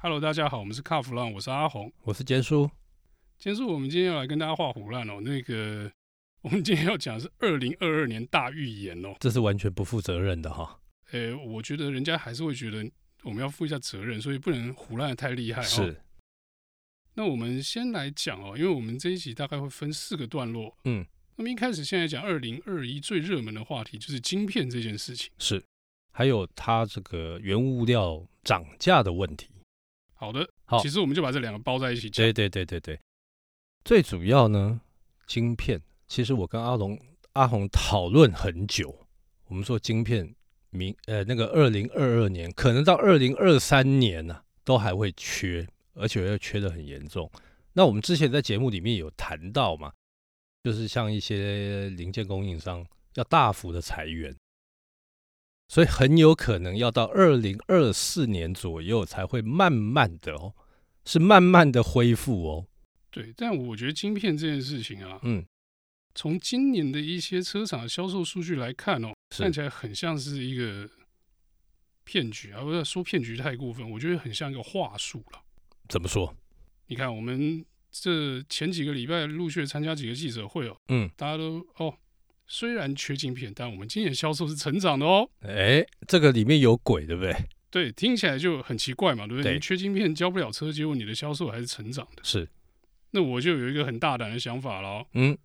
Hello，大家好，我們是 Car 浮浪，我是阿宏，我是兼叔。兼叔，我們今天要來跟大家話唬爛哦。那個，我們今天要講的是二零二二年大預言哦。這是完全不負責任的哈、哦。哎、欸，我覺得人家還是會覺得我們要負一下責任，所以不能唬爛得太厲害、哦。是。那我們先來講哦，因為我們這一集大概會分四個段落。嗯。那麼一開始先來講二零二一最熱門的話題，就是晶片這件事情。是。還有它這個原物料漲價的問題。好的，好，其實我們就把這兩個包在一起講。對對對對對，最主要呢，晶片，其實我跟阿龍、阿宏討論很久，我們說晶片明呃那個二零二二年可能到二零二三年吶、啊、都還會缺，而且會缺的很嚴重。那我們之前在節目裡面有談到嘛，就是像一些零件供應商要大幅的裁員。所以很有可能要到二零二四年左右才會慢慢的哦，是慢慢的恢復哦。對，但我覺得晶片這件事情啊，嗯，從今年的一些車廠的銷售數據來看哦，是看起來很像是一個騙局啊，不要說騙局太過分，我覺得很像一個話術了。怎麼說？你看我們這前幾個禮拜陸續參加幾個記者會哦，嗯，大家都哦。雖然缺晶片，但我們今年銷售是成長的哦。誒，這個裡面有鬼，對不對？對，聽起來就很奇怪嘛，對不對？對，你缺晶片交不了車，結果你的銷售還是成長的。是，那我就有一個很大膽的想法了。嗯，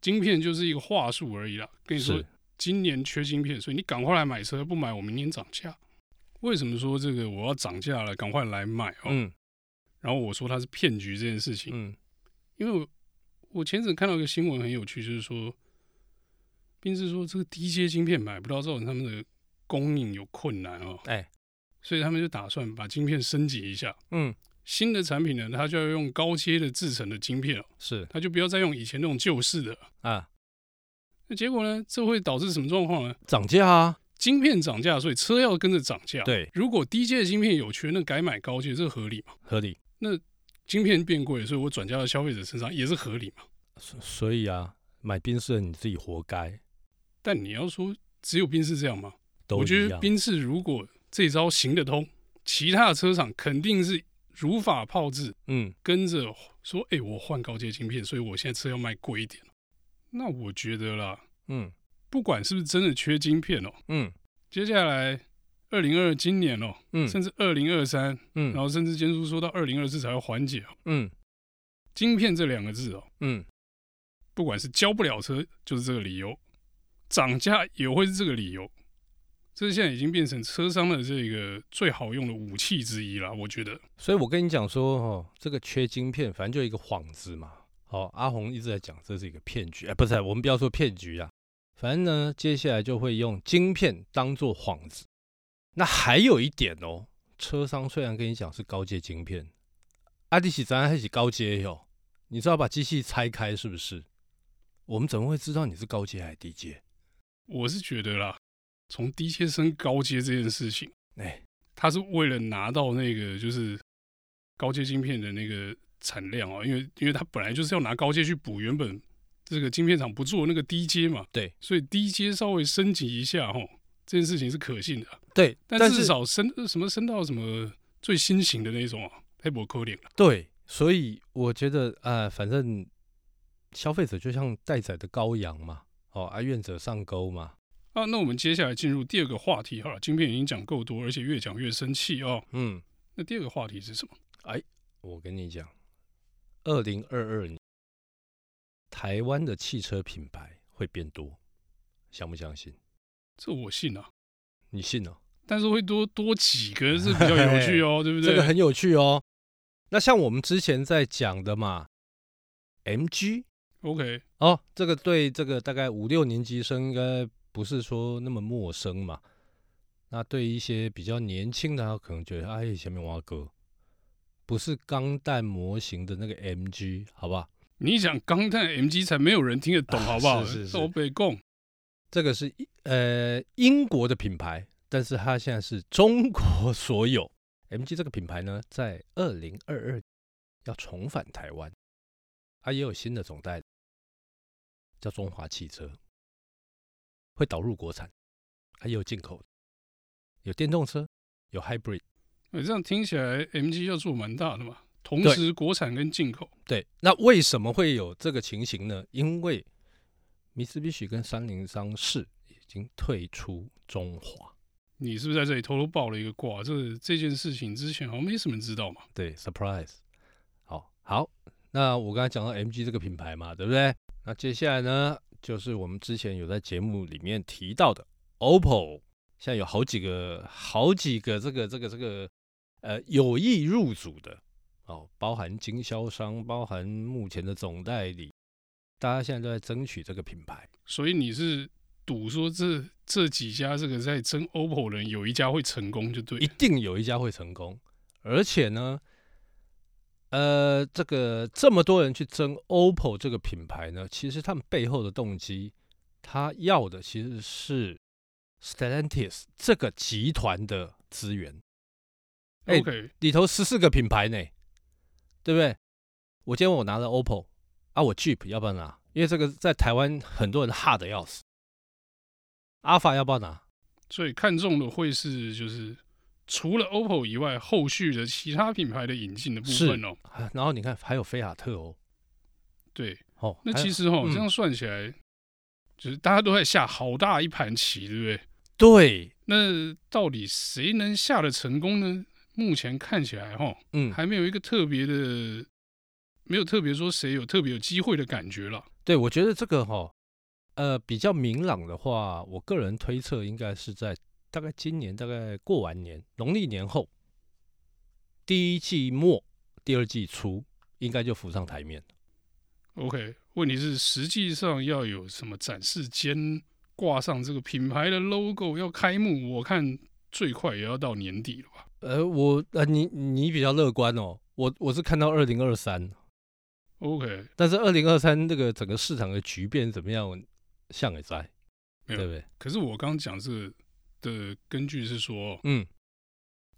晶片就是一個話術而已啦。跟你說，是今年缺晶片，所以你趕快來買車，不買我明年漲價。為什麼說這個我要漲價了？趕快來買哦。嗯。然後我說它是騙局這件事情。嗯。因為我我前陣看到一個新聞很有趣，就是說。賓士說這個低階晶片買不到之後，他們的供應有困難哦。哎、欸，所以他們就打算把晶片升級一下。嗯，新的產品呢，它就要用高階的製程的晶片，哦，是，它就不要再用以前那種舊式的啊。那結果呢？這會導致什麼狀況呢？漲價啊，晶片漲價，所以車要跟着漲價。對，如果低階的晶片有缺，那改買高階，這合理嗎？合理。那晶片變貴，所以我轉嫁到消費者身上也是合理嘛？所所以啊，買賓士你自己活該。但你要說只有賓士這樣嗎？樣我覺得賓士如果這招行得通，其他的車廠肯定是如法炮製。嗯，跟着說，哎、欸，我換高階晶片，所以我現在車要賣貴一點。那我覺得啦，嗯，不管是不是真的缺晶片哦、喔，嗯，接下來二零二二今年哦、喔，嗯，甚至二零二三，嗯，然後甚至兼叔說到二零二四才會緩解哦、喔，嗯，晶片這兩個字哦、喔，嗯，不管是交不了車，就是這個理由。漲價也會是這個理由，這現在已經變成車商的這個最好用的武器之一了，我覺得。所以我跟你講說，哦，這個缺晶片，反正就一個幌子嘛。好，阿宏一直在講這是一個騙局，哎、欸，不是，我們不要說騙局啊。反正呢，接下來就會用晶片當做幌子。那還有一點哦，車商雖然跟你講是高階晶片，阿迪喜、張阿喜高階喲，你知道把機器拆開是不是？我們怎麼會知道你是高階還是低階？我是覺得啦，從低階升高階這件事情，哎、欸，他是為了拿到那個就是高階晶片的那個產量哦，因為因為他本來就是要拿高階去補原本這個晶片廠不做那個低階嘛，對，所以低階稍微升級一下哦，這件事情是可信的，對，但至少但是升什麼升到什麼最新型的那種啊，無可能啦，對，所以我覺得啊、呃，反正消費者就像待宰的羔羊嘛。哦，哀、啊、怨者上鈎嘛？啊，那我們接下來進入第二個話題好了。晶片已經講夠多，而且越講越生氣哦。嗯，那第二個話題是什麼？哎，我跟你講，二零二二年台灣的汽車品牌會變多，相不相信？這我信啊，你信哦？但是會多多幾個是比較有趣哦， 對不對？這個很有趣哦。那像我們之前在講的嘛，MG。OK，哦，這個對這個大概五六年級生應該不是說那麼陌生嘛。那對一些比較年輕的，他可能覺得哎，前面挖哥不是鋼彈模型的那個 MG，好不好？你想鋼彈 MG 才沒有人聽得懂，好不好，啊？是是是，歐北共。這個是呃英國的品牌，但是它現在是中國所有 MG 這個品牌呢，在二零二二年要重返台灣，它，啊、也有新的總代，叫中華汽車，會導入國產，還有進口，有電動車，有 hybrid。這樣聽起來 MG 要做蠻大的嘛，同時國產跟進口對。對，那為什麼會有這個情形呢？因為米其 i 跟三菱商事已經退出中華。你是不是在這裡偷偷報了一個掛？這、就是、這件事情之前好像沒什麼人知道嘛。對，surprise。好，好，那我剛才講到 MG 這個品牌嘛，對不對？那接下來呢，就是我們之前有在節目裡面提到的 OPEL，現在有好幾個、好幾個這個、這個、這個，呃，有意入主的哦，包含經銷商，包含目前的總代理，大家現在都在爭取這個品牌。所以你是賭說這這幾家這個在爭 OPEL 的人有一家會成功就對了，一定有一家會成功，而且呢。呃，這個這麼多人去爭 OPPO 這個品牌呢，其實他們背後的動機，他要的其實是 Stellantis an 這個集團的資源。欸、OK，裡頭十四個品牌呢，對不對？我今天我拿了 OPPO，啊，我 Jeep 要不要拿？因為這個在台灣很多人哈的要死。Alpha 要不要拿？所以看重的會是就是。除了 OPPO 以外，後續的其他品牌的引進的部分哦，啊、然後你看還有菲亞特哦，對哦，那其實哈、嗯、這樣算起來，就是大家都在下好大一盤棋，對不對？對，那到底誰能下的成功呢？目前看起來哈，嗯，還沒有一個特別的，沒有特別說誰有特別有機會的感覺啦。對，我覺得這個哈，呃，比較明朗的話，我個人推測應該是在。大概今年大概過完年，農曆年後，第一季末，第二季初，應該就浮上台面了。OK，問題是實際上要有什麼展示間掛上這個品牌的 logo 要開幕，我看最快也要到年底了吧？呃，我呃，你你比較樂觀哦，我我是看到二零二三，OK，但是二零二三這個整個市場的局面怎麼樣？像也在，有對不對？可是我剛剛講這個。的根據是說，嗯，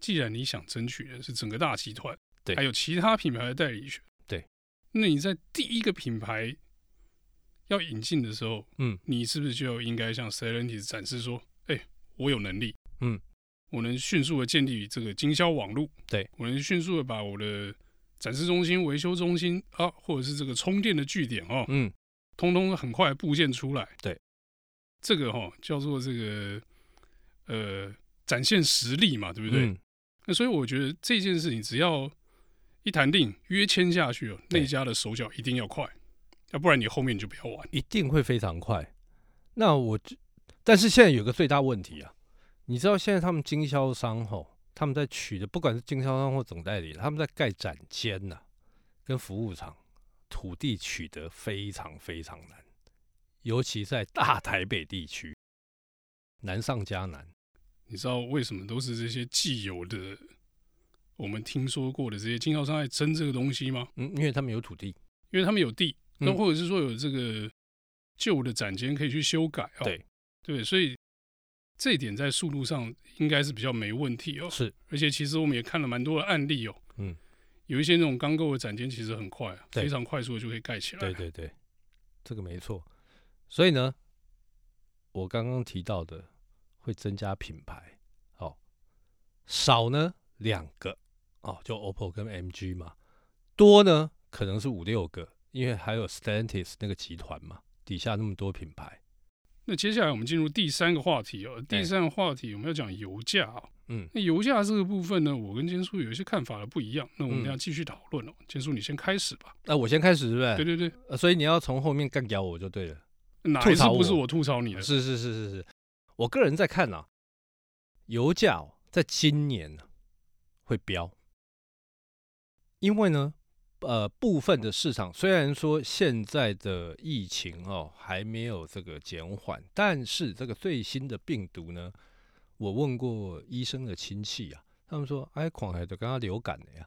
既然你想爭取的是整個大集團，對，還有其他品牌的代理權，對，那你在第一個品牌要引進的時候，嗯，你是不是就應該向 Stellantis 展示說，哎、欸，我有能力，嗯，我能迅速的建立這個經銷網絡，對，我能迅速的把我的展示中心、維修中心啊，或者是這個充電的據點哦，嗯，通通很快布建出來，對，這個哈、哦、叫做這個。呃，展現實力嘛，對不對？嗯、那所以我覺得這件事情只要一談定約簽下去，那家的手腳一定要快，欸、要不然你後面就不要玩，一定會非常快。那我，但是現在有個最大問題啊，你知道現在他們經銷商吼，他們在取得不管是經銷商或總代理，他們在蓋展間吶、啊，跟服務廠土地取得非常非常難，尤其在大台北地區。難上加難，你知道為什麼都是這些既有的，我們聽說過的這些經銷商在爭這個東西嗎？嗯，因為他們有土地，因為他們有地，那、嗯、或者是說有這個舊的展間可以去修改、哦。對對，所以這一點在速度上應該是比較沒問題哦。是，而且其實我們也看了蠻多的案例哦。嗯，有一些那種鋼構的展間其實很快、啊，對非常快速的就可以蓋起來。對對對，這個沒錯。所以呢，我剛剛提到的。會增加品牌，哦，少呢兩個，哦，就 OPEL 跟 MG 嘛，多呢可能是五六個，因為還有 Stellantis 那個集團嘛，底下那麼多品牌。那接下來我們進入第三個話題哦，第三個話題我們要講油價啊、哦，嗯、欸，那油價這個部分呢，我跟兼叔有一些看法的不一樣，那我們要繼續討論了，嗯、兼叔你先開始吧。那、啊、我先開始是不是？對對對、啊，所以你要從後面干咬我就對了，吐槽不是我吐槽你了？是是是是是。我個人在看吶、啊，油價在今年、啊、會飆，因為呢，呃，部分的市場雖然說現在的疫情哦還沒有這個減緩，但是這個最新的病毒呢，我問過醫生的親戚啊，他們說，哎、啊，狂海得剛剛流感了呀、啊，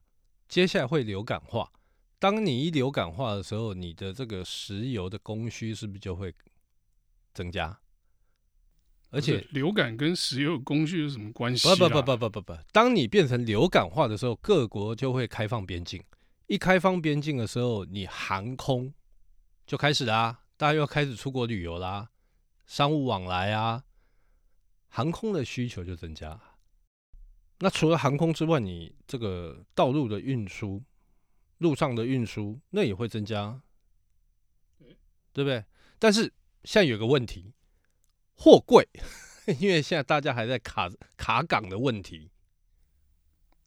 接下來會流感化。當你一流感化的時候，你的這個石油的供需是不是就會增加？而且流感跟石油供需有什麼關係？不不不不不不不，當你變成流感化的時候，各國就會開放邊境。一開放邊境的時候，你航空就開始啦，大家又要開始出國旅遊啦，商務往來啊，航空的需求就增加。那除了航空之外，你這個道路的運輸、路上的運輸，那也會增加，對不對？但是現在有個問題。貨櫃，因為現在大家還在卡卡港的問題，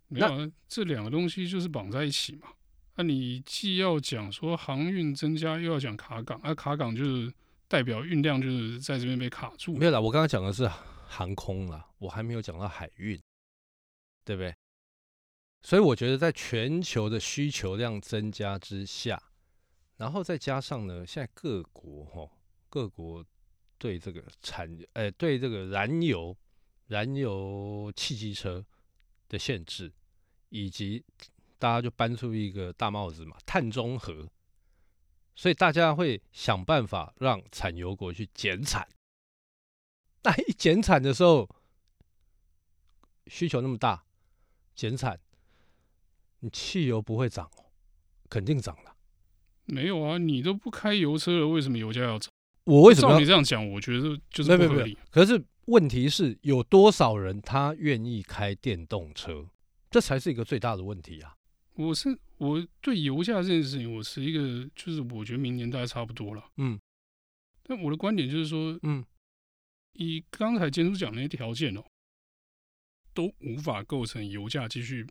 沒有，那這兩個東西就是綁在一起嘛。那、啊、你既要講說航運增加，又要講卡港那、啊、卡港就是代表運量就是在這邊被卡住。沒有啦，我剛剛講的是航空啦，我還沒有講到海運，對不對？所以我覺得在全球的需求量增加之下，然後再加上呢，現在各國哈、哦，各國。對這個產，哎、呃，對這個燃油、燃油汽機車的限制，以及大家就搬出一個大帽子嘛，碳中和，所以大家會想辦法讓產油國去減產。那一減產的時候，需求那麼大，減產，你汽油不會漲哦，肯定漲了。沒有啊，你都不開油車了，為什麼油價要漲？我為什麼？照你這樣講，我覺得就是不合理沒沒沒。可是問題是有多少人他願意開電動車？這才是一個最大的問題啊！我是我對油價這件事情，我是一個就是我覺得明年大概差不多了。嗯，但我的觀點就是說，嗯，以剛才兼叔講那些條件哦，都無法構成油價繼續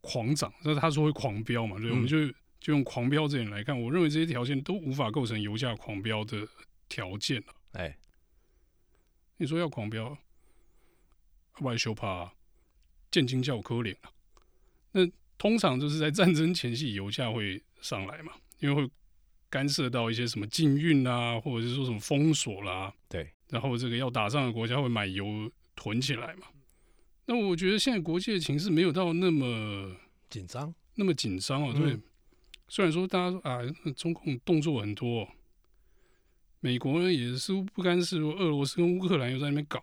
狂漲。那他說會狂飆嘛？對，嗯、我們就。就用狂飆這點來看，我認為這些條件都無法構成油價狂飆的條件了。哎，你說要狂飆，外修怕建金教科聯了。那通常就是在戰爭前夕，油價會上來嘛，因為會干涉到一些什麼禁運啊，或者是說什麼封鎖啦，啊。對。然後這個要打仗的國家會買油囤起來嘛。那我覺得現在國際的情勢沒有到那麼緊張，那麼緊張哦，對。嗯雖然說大家說啊，中共動作很多，美國呢也似乎不甘示弱，俄羅斯跟烏克蘭又在那邊搞。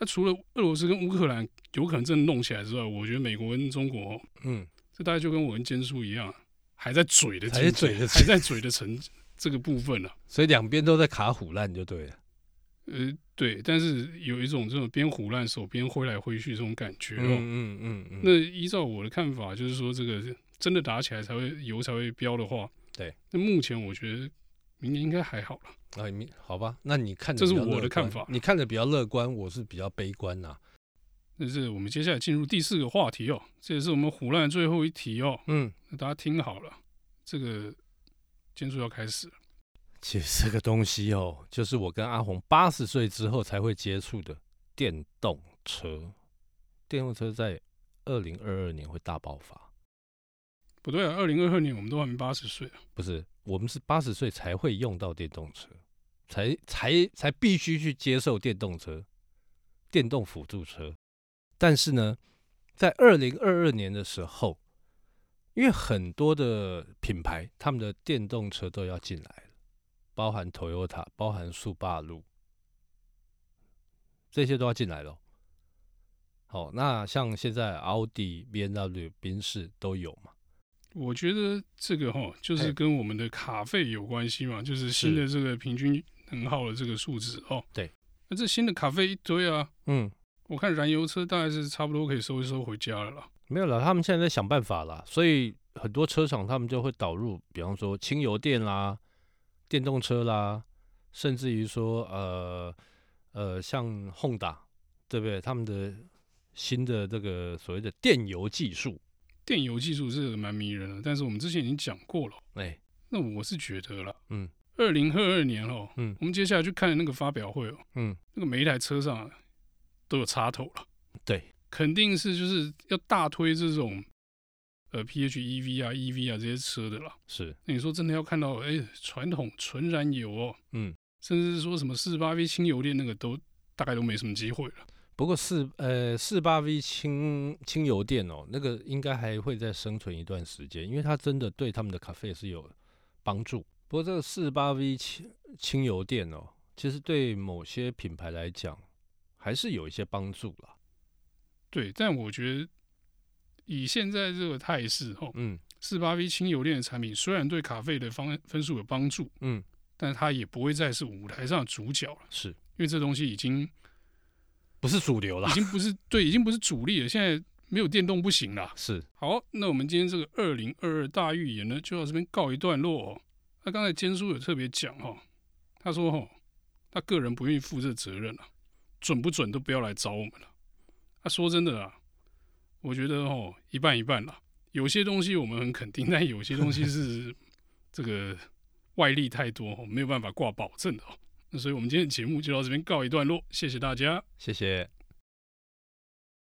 那、啊、除了俄羅斯跟烏克蘭有可能真的弄起來之外，我覺得美國跟中國，嗯，這大概就跟我跟兼叔一樣，還在嘴的，還、嘴的還在嘴的，還在嘴的城這個部分了、啊。所以兩邊都在卡唬爛就對了。呃，對，但是有一種這種邊唬爛手邊揮來揮去這種感覺哦。嗯嗯嗯。嗯嗯嗯，那依照我的看法，就是說這個。真的打起來才會油才會飆的話，對。那目前我覺得明年應該還好了啊。明好吧，那你看，這是我的看法。你看的比較樂觀，我是比較悲觀吶、啊。這是我們接下來進入第四個話題哦，這也是我們唬爛最後一題哦。嗯，大家聽好了，這個建築要開始。其實這個東西哦，就是我跟阿宏八十歲之後才會接觸的電動車。電動車在二零二二年會大爆發。不對啊，二零二二年我們都還沒八十歲。不是，我們是八十歲才會用到電動車，才才才必須去接受電動車、電動輔助車。但是呢，在二零二二年的時候，因為很多的品牌他們的電動車都要進來，包含 Toyota、包含速霸陸。這些都要進來了。好，哦，那像現在奧迪、BMW、賓士都有嘛？我覺得這個哈，就是跟我們的卡費有關係嘛，就是新的這個平均能耗的這個數字哦。對，那這新的卡費一堆啊，嗯，我看燃油車大概是差不多可以收一收回家了啦。沒有啦，他們現在在想辦法啦，所以很多車廠他們就會導入，比方說輕油電啦、電動車啦，甚至於說呃呃像 Honda 對不對？他們的新的這個所謂的電油技術。電油技術是蠻迷人的，但是我們之前已經講過了。欸、那我是覺得了，嗯，二零二二年哦，嗯，我們接下來去看那個發表會哦，嗯，那個每一台車上都有插頭了，對，肯定是就是要大推這種呃 PHEV 啊、EV 啊這些車的了。是，那你說真的要看到哎，傳統純燃油哦，嗯，甚至說什麼四十八 V 輕油電那個都大概都沒什麼機會了。不過四呃、四八 V 輕輕油電哦，那個應該還會再生存一段時間，因為它真的對他們的咖啡是有幫助。不過這個四八 V 輕輕油電哦，其實對某些品牌來講還是有一些幫助啦。對，但我覺得以現在這個態勢，哦，嗯，四八 V 輕油電的產品雖然對咖啡的方分數有幫助，嗯，但是它也不會再是舞台上的主角了，是因為這東西已經。不是主流了，已經不是對，已經不是主力了。現在沒有電動不行了。是，好，那我們今天這個二零二二大預言呢，就到這邊告一段落哦。那、啊、剛才兼叔有特別講哦，他說哦，他個人不願意負這責任了、啊，準不準都不要來找我們了。他、啊、說真的啦、啊，我覺得哦，一半一半啦、啊。有些東西我們很肯定，但有些東西是這個外力太多哦，沒有辦法掛保證的哦。那所以，我們今天的節目就到這邊告一段落，謝謝大家，謝謝。